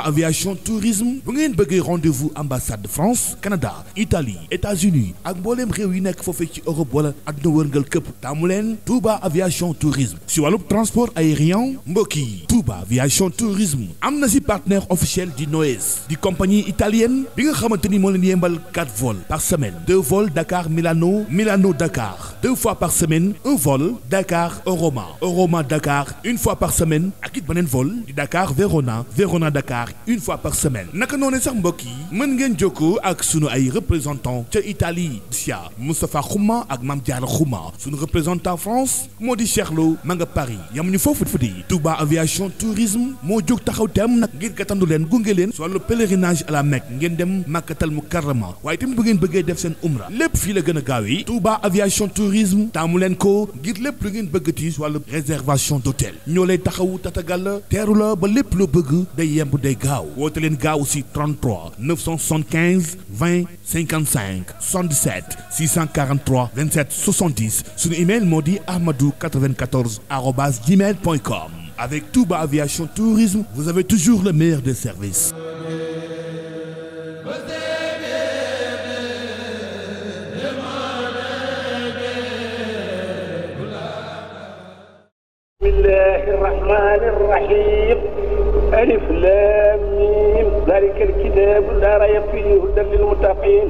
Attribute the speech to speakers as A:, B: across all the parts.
A: Touba aviation tourisme bu ngeen bëggee rendez-vous ambassade de France Canada Italie États-Unis ak mbooleem réew yi nekk foofee ci Europe wala àdduna wërngal këpp taamu leen Touba aviation tourisme si wàllub transport aérien mbokk yi Touba aviation tourisme am na si partenaire officiel di Noes di compagnie italienne bi nga xamante ni moo leen yembal quatre vols par semaine deux vols Dakar Milano Milano Dakar deux fois par semaine un vol Dakar Roma Roma Dakar une fois par semaine ak Dakar une fois par semaine naka noonu sax mbokk yi mën ngeen jokkoo ak sunu ay représentant ca Italie sia Moustapha Xuma ak Mame Diarra Xuma sunu représentant France moo di Cheikh Lo ma nga Paris yamuñu foofu fudi Touba aviation tourisme moo jóg taxaw teem nag ngir gàttandu leen gunge leen si wàllu pèlerinage à la Mecque ngeen dem màkkatal mu karrama waaye tamit bu ngeen bëggee def seen umra lépp fii la gën a gaawee Touba aviation tourisme taamu leen ko ngir lépp lu ngeen bëggati si wàllu réservation d'hôtel ñoo lay taxawu tatagal la teeru la ba lépp loo bëgg gaaw woote leen gaaw si 33 975 20 55 77 643 27 70 suñu email moo di ahmadou 94 arobase gmail point com avec Touba Aviation Tourisme vous avez toujours le meilleur des services.
B: بسم alif laam miim zalikal kitaab laa rayba fiihi hudan lil muttaqiin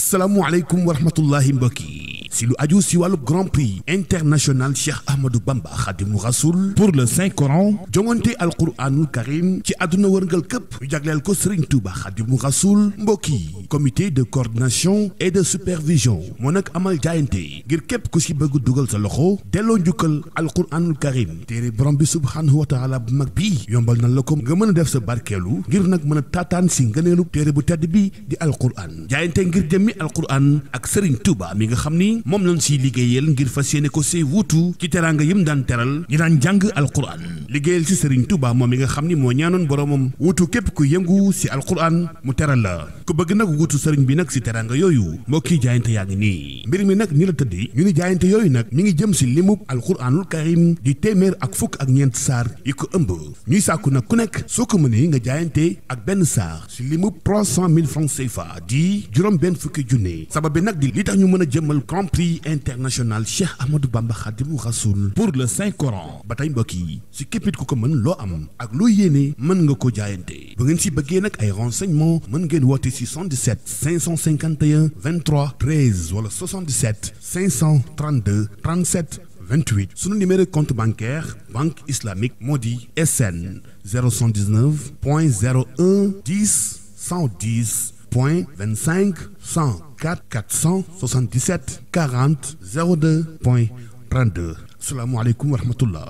A: assalaamu aleykum wa rahmatullaahi mbokk yi si lu aju si wàllu grand prix international Cheikh Ahmadou Bamba Khadimu Rasoul pour le Saint Coran jongante alquranul karim ci àdduna wërngal këpp ñu jagleel ko Serigne Touba Khadimu Rasoul mbokk yi comité de coordination et de supervision moo nag amal jaayante ngir képp ku ci bëgg dugal sa loxo delloo njukkal alquranul karim téere borom bi subhanahu wa taala bu mag bi yombal na la ko nga mën a def sa barkeelu ngir nag mën a taataan si ngëneelu téere bu tedd bi di alquran jaayante ngir jëmmi alquran ak Serigne Touba mi nga xam ni moom lañ siy liggéeyal ngir fas yéene ko see wuutu ci teraanga yim daan teral ñi daan jàng alquran liggéeyal ci Serigne Touba moom yi nga xam ni moo ñaanoon boromam wuutu képp ku yëngu si alquran mu teral la ku bëgg nag wuutu Serigne bi nag si teraanga yooyu mbokki jaayante yaa ngi nii mbir mi nag ni la tëddee ñu ni jaayante yooyu nag mi ngi jëm si limub alquranul karim di téeméer ak fukk ak ñeent saar yi ko ëmb ñuy sàkku nag ku nekk soo ko mënee nga jaayante ak benn saar si limub 300 000 francs CFA di juróom benn fukki junne sabab bi nag di li tax ñu mën a jëmmal camp prix international Cheikh Ahmadou Bamba Khadimou Rassoul pour le Saint Coran ba tey mbokk yi si képpit ku ko mën loo am ak loo yéene mën nga ko jaayante bu ngeen si bëggee nag ay renseignements mën ngeen woote si 77 551 23 13 wala 77 532 vingt 28 sunu numéro compte bancaire banque islamique moo di SN 019 point 01 10 110 point 25 100 44 477 40 02 point 32 asalaamaaleykum wa rahmatullah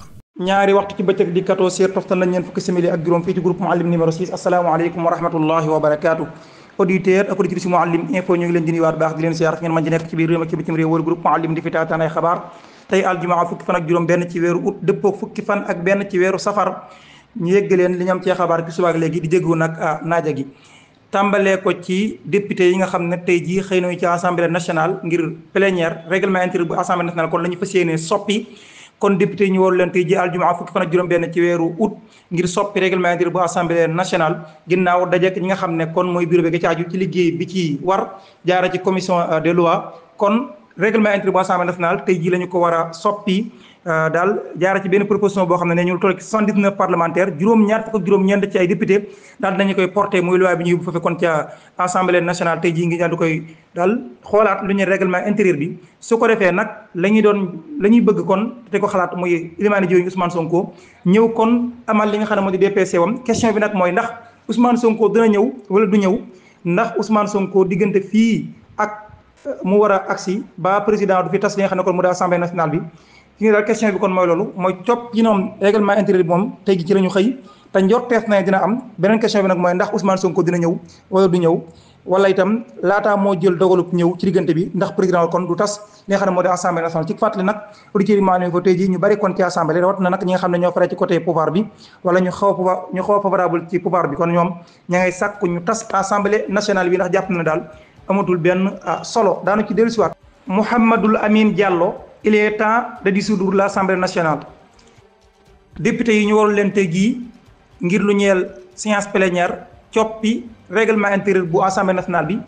C: ñaari waxtu ci bëccëg di 14 heures toftal nañ ñeen fukki simili ak juróom fii ci groupe Mouhalim numéro 6 asalaamaaleykum wa rahmatullahi wa barakaatu auditeur ak auditrice Mouhalim info ñu ngi leen di nuyuwaat baax di leen siyaar ngeen mën di nekk ci biir réew ak ci bitim réew wër groupe Mouhalim di fi taataan ay xabaar tey aljumaa fukki fan ak juróom benn ci weeru août dëppoo fukki fan ak benn ci weeru leen li ñu am ci xabaar ci subaak léegi di jégu nag ah, naaja tàmbalee ko ci député yi nga xam ne tey jii xëy na ci assemblée nationale ngir plénière règlement intérieur bu assemblée nationale kon la ñu fas yéenee soppi kon député yi ñu waru leen tey ji fukki fan juróom-benn ci weeru août ngir soppi règlement intérieur bu assemblée nationale ginnaaw dajek ñi nga xam ne kon mooy bureau bi ga ci liggéey bi ci war jaara ci commission euh, des lois kon règlement intérieur bu assemblée nationale tey jii la ñu ko war a soppi euh, daal jaara ci benn proposition boo xam ne ne ñu toll ci 119 parlementaires juróom-ñaar fukk ak juróom-ñeent ci ay député daal dinañu koy porté muy loi bi ñu yóbbu foofu kon ca assemblée nationale tey jii ngi daal di koy daal xoolaat lu ñuy réglement intérieur bi su ko defee nag la doon la ñuy bëgg kon te ko xalaat muy ilimaani ñu Ousmane Sonko ñëw kon amal li nga xam ne moo di DPC wam question bi nag mooy ndax Ousmane Sonko dina ñëw wala du ñëw ndax Ousmane Sonko diggante fii mu war a agsi nationale bi fi ñu daal question bi kon mooy loolu mooy copp yi noom règlement intérieur bi moom tey ci la xëy te njorteef na dina am beneen question bi nag mooy ndax Ousmane Sonko dina ñëw ci diggante bi ndax ne moo di yi ñu bari kon ci assemblée na nag ñi nationale bi ndax jàpp na daal amatul benn ah, solo daanu ci dellusiwaat. Mouhamadoul Amine Diallo il est temps de dissoudre l'Assemblée nationale député yi ñu warul leen teg gii ngir lu ñeel séance plénière coppi règlement intérieur bu assemblée nationale bi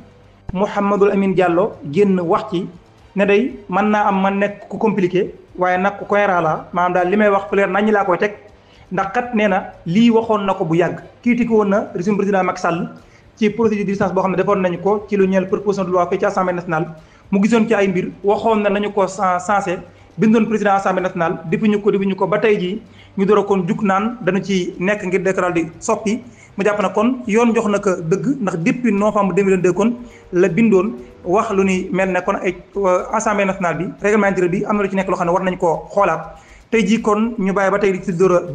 C: Mouhamadoul Amine Diallo génn wax ci ne day mën naa am man nekk ku compliqué waaye nag ku cohérent la maanaam daal li may wax fu leer nañ laa koy teg ndax kat nee na lii waxoon na ko bu yàgg critiqué woon na régime président Macky Sall ci procédure d'urgence boo xam ne defoon nañu ko ci lu ñeel proposition de loi fii ci assemblée nationale mu gisoon ci ay mbir waxoon na nañu ko sensé bindoon président assemblée nationale defuñu ko defuñu ko ba tey jii ñu door a kon jug naan dañu ci nekk ngir déclarer di soppi mu jàpp na kon yoon jox na ko dëgg ndax depuis novembre 2022 kon la bindoon wax lu ni mel ne kon ay euh, assemblée nationale bi règlement intérieur bi am na ci nekk loo xam ne war nañu koo xoolaat tey jii kon ñu bàyyi ba tey di ci door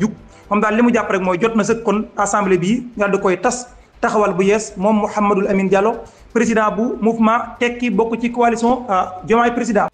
C: daal li mu jàpp rek mooy jot na sëkk kon assemblée bi daal di koy tas. taxawal bu yees moom Mouhamadul Amine Diallo président bu mouvement tekki bokk ci coalition euh, Diomaye président.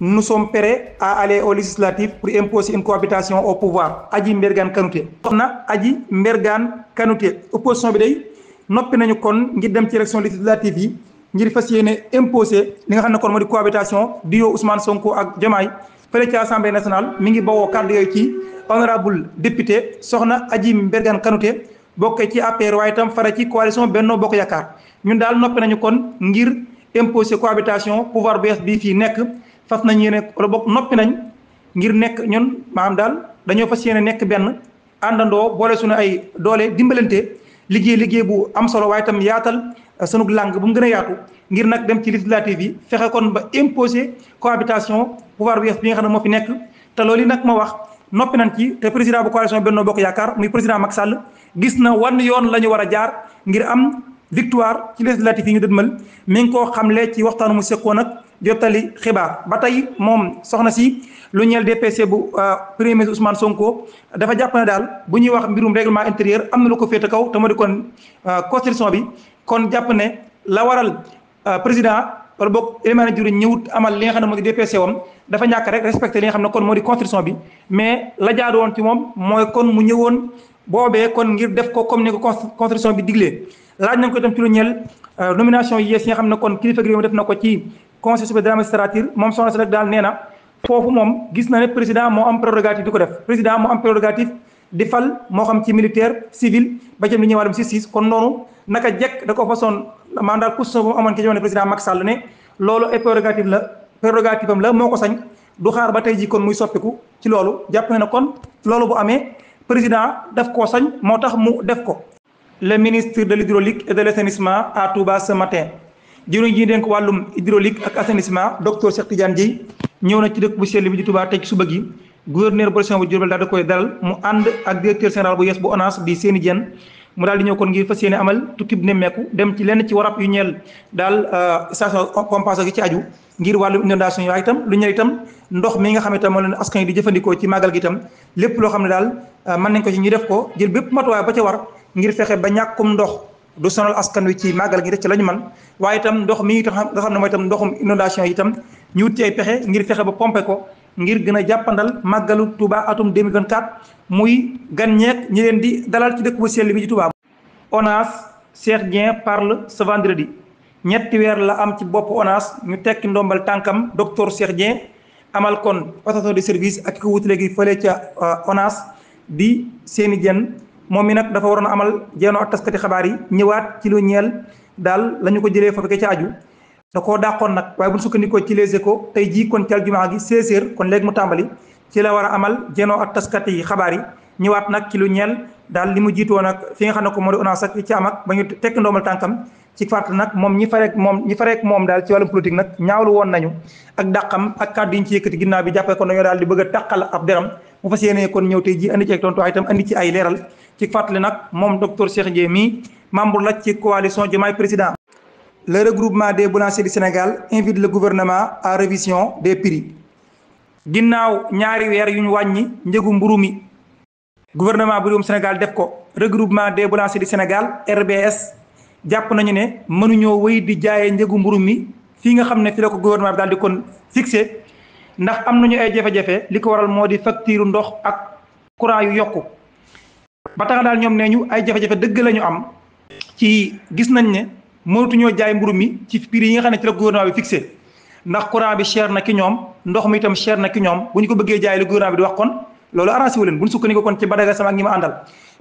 C: nu sommes prêts à aller aux législatives pour imposer une cohabitation au pouvoir Aji Mbergane Kanouté wax na Aji Mbergane Kanouté opposition bi day noppi nañu kon ngir dem ci élection législative yi ngir fas yéene imposer li nga xam ne kon moo di cohabitation dio Ousmane Sonko ak Diomaye fële ci assemblée nationale mi ngi bawoo kàddu yooyu ci honorable député soxna Aji Mbergane Kanouté bokk ci APR waaye itam fara ci coalition Benno Bokk Yaakaar ñun daal noppi nañu kon ngir imposer cohabitation pouvoir bu yees bii fii nekk fas nañ yéene wala bokk noppi nañ ngir nekk ñun maanaam daal dañoo fas yéene nekk benn àndandoo boole suñu ay doole dimbalante liggéey liggéey bu am solo waaye itam yaatal uh, sunu làng bu mu gën a yaatu ngir nag dem ci législative yi fexe kon ba imposer cohabitation pouvoir bu yees bi nga xam ne moo fi nekk te loolu nag ma wax. noppi nañ ci te président bu coalition benn Bokk Yaakaar muy président Macky Sall gis na wan yoon la ñu war a jaar ngir am victoire ci législative yi ñu dëdmal mi ngi koo xamle ci waxtaanu mu seqoon ak jottali xibaar ba tey moom soxna si lu ñeel DPC bu euh, premier ministre Ousmane dafa jàpp ne daal bu ñuy wax mbirum règlement intérieur am na lu ko féete kaw te moo di kon euh, constitution bi kon jàpp ne la waral euh, président. wala boog élément de jury ñëwut amal li nga xam ne moo di DPC wam dafa ñàkk rek respecté li nga xam ne kon moo di constitution bi mais la jaadu ci moom mooy kon mu ñëwoon boobee kon ngir def ko comme ni ko constitution bi diglee laaj nañ ko itam euh, ne na ko conseil supérieur de la magistrature moom soxna si rek daal nee na foofu moom gis na ne président moo am prérogative di ko def président moo am prérogative di fal moo xam ci militaire civil ba jëm li ñuy wax dem justice kon noonu naka jekk da ko façon maanaam daal constitution bu mu amoon ci jamono président Macky Sall ne loolu ay prérogative la moo ko sañ du xaar ba tey jii kon muy soppiku ci loolu jàpp na ne kon loolu bu amee président def koo sañ moo tax mu def ko. le ministre de l'hydraulique et de l'assainissement à Touba ce matin jëriñ ji dénk wàllum hydraulique ak assainissement docteur Cheikh Tidiane Dieye ñëw na ci dëkk bu sell bi di Touba tey su suba gi gouverneur bu région bu Diourbel daal da koy dalal mu ànd ak directeur général bu yes bu ONAS di Seny Diène mu daal di ñëw kon ngir fas yéene amal tukkib nemmeeku dem ci lenn ci warab yu ñeel daal euh, station pompage gi ci aju ngir wàllu inondation yi waaye itam lu ñeel itam ndox mi nga xam ne itam moo leen askan yi jëfandikoo ci màggal gi itam lépp loo xam ne daal euh, mën nañ ko ci ñu def ko jël bépp matuwaay ba ca war ngir fexe ba ñàkkum ndox du sonal askan wi ci màggal gi def ci la man waaye itam ndox mi nga xam ne mooy itam ndoxum inondation yi itam ñu wut ci ay pexe ngir fexe ba pompe ko ngir gën a jàppandal màggalu Touba atum 2024 muy gan ñeek ñi leen di dalal ci dëkk bu sell bi ci Touba. ONAS Cheikh Dieng parle ce vendredi ñetti weer la am ci bopp ONAS ñu tekki ndombal tànkam docteur Cheikh Dieng amal kon passation de service ak ko wut léegi fële ca euh, ONAS bi seeni jenn moom mi nag dafa waroon amal jeenoo ak taskati xabaar yi ñëwaat ci lu ñeel daal lañu ko jëlee foofu ca aju. da ko dàqoon nag waaye bu ñu sukkandikoo ci les échos tey jii kon ci aljumaa gi 16 kon léegi mu tàmbali ci la war a amal jenoo ak taskat yi xabaar yi ñëwaat nag ci lu ñeel daal li mu jiitoon ak fi nga xam ne ko moo di ONAS ak ci am ak ba ñu tekk ndoomal tànkam ci fàttali moom ñi fareek moom ñi fareek moom daal ci wàllum politique nag ñaawlu woon nañu ak dàqam ak kàddu yi ñu ci yëkkati ginnaaw bi jàppee kon dañoo daal di bëgg a tàqal ab deram mu fas yéene kon ñëw tey ji andi ci ak tontu waaye itam andi ci ay leeral ci fàttali nag moom docteur Cheikh Ndié mii membre la ci coalition Diomaye Président le regroupement des boulangers du Sénégal invite le gouvernement à révision des prix. ginnaaw ñaari weer yu ñu wàññi njëgu mburu mi. gouvernement bu réewum Sénégal def ko regroupement des boulangers du Sénégal RBS jàpp nañu ne mënuñoo wéy di jaayee njëgu mburu mi fii nga xam ne fi la ko gouvernement bi daal di kon fixé ndax am nañu ay jafe-jafe li ko waral moo di facture ndox ak courant yu yokku ba tax daal ñoom nee ñu ay jafe-jafe dëgg lañu am ci gis nañ ne. mënatuñoo jaay mburu mi ci prix yi nga xam ne ci la gouvernement bi fixé ndax courant bi cher na ki ñoom ndox mi itam cher na ki ñoom bu ñu ko bëggee jaay lu gouvernement bi di wax kon loolu arrangé leen bu ñu sukkandiku kon ci Badaga sama ak ñi ma àndal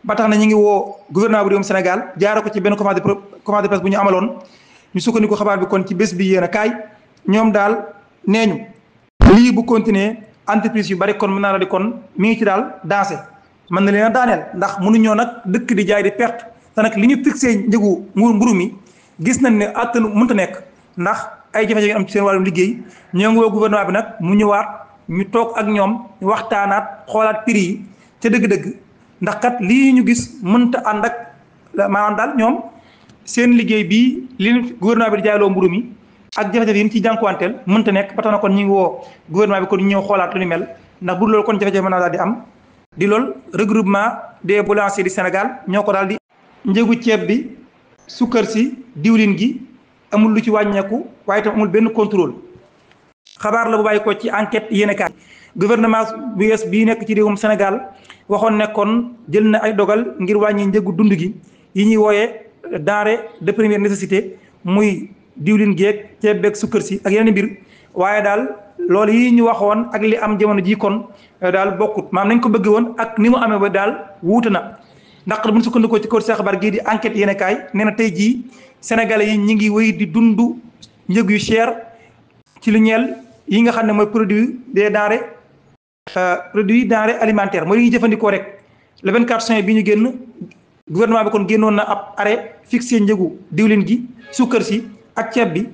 C: ba tax na ñu ngi woo gouvernement bu réewum Sénégal jaara ko ci benn conférence de conférence de presse bu ñu amaloon ñu sukkandiku xabaar bi kon ci bés bi yéen a kaay ñoom daal nee ñu lii bu continuer entreprise yu bari kon mën naa la di kon mi ngi ci daal dansé mën na leen a daaneel ndax mënuñoo nag dëkk di di perte te nag li ñu fixé njëgu mburu mi gis nañ ne attanu mënta nekk ndax ay jafe-jafe yu am ci seen wàllum liggéey ñoo ngi woo gouvernement bi nag mu ñëwaat ñu toog ak ñoom waxtaanaat xoolaat prix yi ca dëgg-dëgg ndax kat lii ñu gis mënta ànd ak maanaam daal ñoom seen liggéey bi li gouvernement bi di jaayloo mburu mi ak jafe-jafe yi mu ciy jànkuwanteel mënta nekk ba tax na kon ñu ngi woo gouvernement bi kon ñu ñëw xoolaat lu ni mel ndax bu loolu kon jafe-jafe mën naa daal di am di lool regroupement des boulangers du Sénégal ñoo ko daal di njëgu ceeb bi sukkar si diwlin gi amul lu ci wàññeeku waaye tam amul benn contrôle xabaar la bu bàyyi ko ci enquête yéene kaay gouvernement bu yees bii nekk ci réewum Sénégal waxoon ne kon jël na ay dogal ngir wàññi njëgu dund gi yi ñuy wooyee denrée de première nécessité muy diwlin geeg ceeb beeg sukkar si ak yenn mbir waaye daal loolu yi ñu waxoon ak li am jamono ji kon eh, daal bokkut maam nañ ko bëgge woon ak ni mu amee ba daal wuute na ndax bu ñu sukkandikoo ci kaw ci xabaar gii di enquête yéen kaay nee na tey jii sénégalais yi ñu ngi wéy di dundu njëg yu cher ci lu ñeel yi nga xam ne mooy produit des denrées euh, produit denrées alimentaires mooy li ñuy jëfandikoo rek le 24 juin bi ñu génn gouvernement bi kon génnoon na ab arrêt fixé njëgu diwlin gi sukkar si ak ceeb bi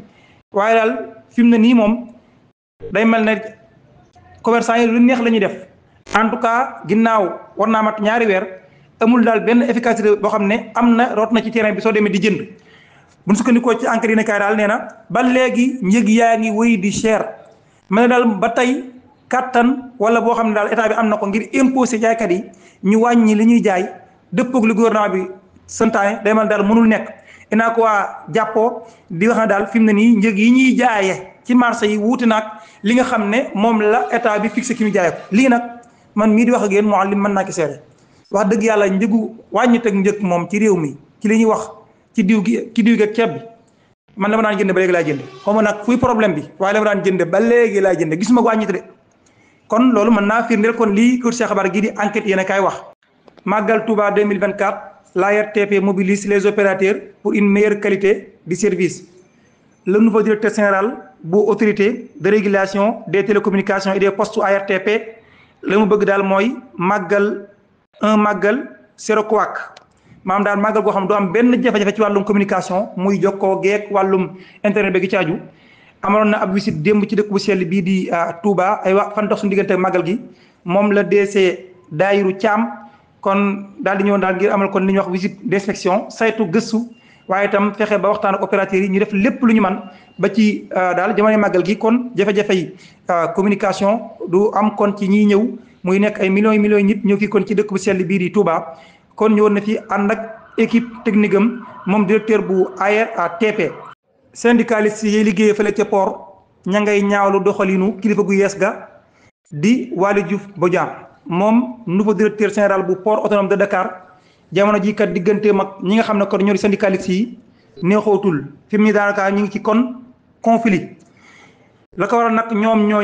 C: waaye daal fi mu ne nii moom day mel na commerçant yi lu neex la ñuy def en tout cas ginnaaw war naa mat ñaari weer. amul daal benn efficacité boo xam ne am na root na ci terrain bi soo demee di jënd bu ñu sukkandikoo ci enquête yi ne kaay daal nee na ba léegi njëg yaa ngi wéy di cher ma ne daal ba tey kattan wala boo xam ne daal état bi am na ko ngir imposer jaaykat yi ñu wàññi li ñuy jaay dëppoog li gouvernement bi santaane day mel daal mënul nekk. inaa ko waa jàppoo di wax na daal fi mu ne nii njëg yi ñuy jaaye ci marché yi wuute naag li nga xam ne moom la état bi fixé ki ñu jaaye lii nag man mii di wax ak yéen Mouhalim mën naa ki seere wax dëgg yàlla njëgu wàññi teg njëg moom ci réew mi ci li ñuy wax ci diw gi ci diw ceeb bi man dama daan jënd ba léegi laa jënd xaw ma nag fuy problème bi waaye dama daan jënd ba léegi laa jënd gisuma wàññi de kon loolu mën naa firndeel kon lii kër Cheikh Bara gi di enquête yéen a kaay wax màggal Touba 2024 l'ARTP mobilise les opérateurs pour une meilleure qualité du service le nouveau directeur général bu autorité de régulation des télécommunications et des postes ARTP la mu bëgg daal mooy màggal un màggal zéro couac maam daal màggal goo xam doo am benn jafe-jafe ci wàllum communication muy jokkoo geek wàllum internet bi gi ci aju na ab visite démb ci dëkk bu sell bii di ah, Touba ay wax fan su suñu diggante màggal gi moom la DC daayiru Thiam kon daal di ñëwoon daal ngir amal kon li ñuy wax visite d'inspection saytu gëstu waaye itam fexe ba waxtaan ak opérateurs yi ñu def lépp lu ñu man ba ci ah, daal jamono màggal gi kon jafe-jafe yi ah, communication du am kon ci ñiy ñëw muy nekk ay millions millions nit ñëw fii kon ci dëkk bu sell biir yi Touba kon ñëwoon na fi ànd ak équipe technique am moom directeur bu a tp ARATP. syndicaliste yi liggéeyee fële ca port ña ngay ñaawlu doxaliinu kilifa gu yees ga di Waly Diouf Bodian moom nu nouveau directeur général bu port autonome de Dakar jamono jii kat diggante mag ñi nga xam ne kon ñoo di syndicaliste yi neexootul fi mu ne daanaka ñu ngi ci kon conflit la ko waral nag ñoom ñoo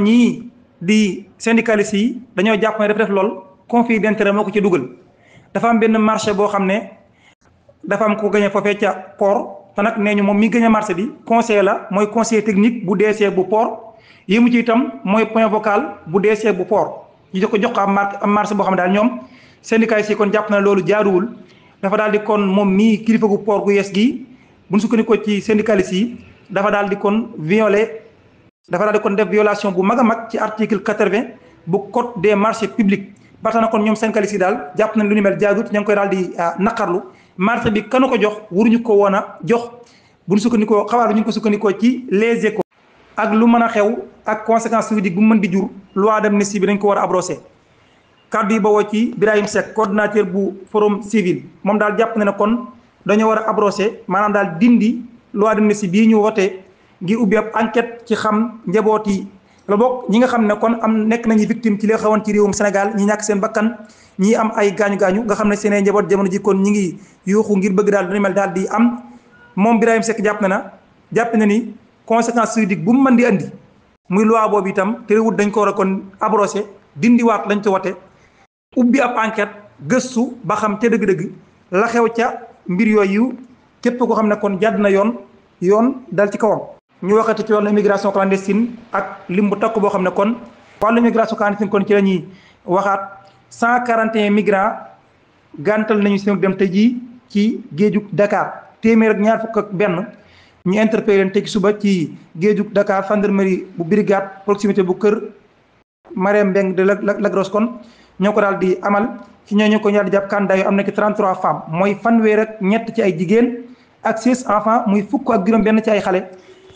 C: di syndicaliste yi dañoo jàpp ne daf def lool conflit d'intérêt moo ko ci dugal dafa am benn marché boo xam ne dafa am ko gañe foofee ca port te nag nee ñu moom mi gañe marché bi conseiller la mooy conseil technique bu deesee bu port yëmu ci itam mooy point vocal bu DG bu port ñu jox ko jox ko am marché boo xam ne daal ñoom syndicaliste yi kon jàpp na loolu jaaruwul dafa daal di kon moom mii kilifa gu port gu yees gi bu ñu sukkandikoo ci syndicaliste yi dafa daal di kon violé dafa daal di kon def violation bu mag a mag ci article quatre-vingt bu code des marchés publics ba tax na kon ñoom syndicalistes yi daal jàpp nañ lu ni mel jaagut ña ngi koy daal di ah, naqarlu marché bi kanu ko jox waruñu ko woon a jox buñu sukkandikoo xabaar bi ñu ko sukkandikoo ci les échos ak lu mën a xew ak conséquence juridique bu mën di jur loi d'amnistie bi dañ ko war a abrosé kàddu yi bawoo ci brahim Seck coordinateur bu forum civil moom daal jàpp na ne kon dañoo war a abrosé maanaam daal dindi loi d'amnistie bii ñu wotee ngir ubbi ab enquête ci xam njaboot yi la bokk ñi nga xam ne kon am nekk nañu victime ci li xewoon ci réewum Sénégal ñi ñàkk seen bakkan ñi am ay gaañu gaañu nga xam ne seen njaboot jamono ji kon ñi ngi yuuxu ngir bëgg daal dana mel daal di am moom Birahim Seck jàpp na na jàpp na ni conséquence juridique bu mu mën di andi muy loi boobu itam terewut dañ ko war kon abrogé dindiwaat lañ ci wote ubbi ab enquête gëstu ba xam te dëgg-dëgg xew ca mbir yooyu képp ko xam ne kon jàdd na yoon yoon dal ci kawam. ñu waxati ci wàllu immigration clandestine ak lim bu takk boo xam ne kon wàllu immigration clandestine kon ci la waxaat cent quarante et un migrants gàntal nañu seen dem te jii ci géejug dakaar téeméer ak ñaar fukk ak benn ñu interpellé leen tey suba ci géejug Dakar gendarmerie bu brigade proximité bu kër Marème Mbeng de Lac Rose kon ñoo ko daal di amal ci ñoo ñu ko daal di jàpp candidat am na ki 33 femmes mooy fanweer ak ñett ci ay jigéen ak 6 enfants muy fukk ak juróom benn ci ay xale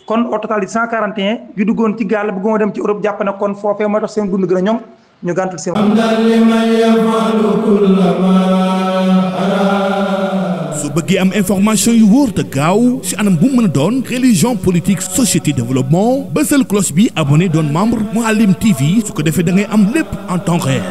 C: kon au total di 141 yu duggoon ci gaal bëggoon dem ci Europe jàpp na kon foofee moo tax seen dund gën a ñoŋ ñu gàntul seen.
A: su bëggee am information yu wóor te gaaw si anam bu mën a doon religion politique société développement bësal cloche bi abonné doon membre Mouhalim TV su ko defee da ngay am lépp en temps réel.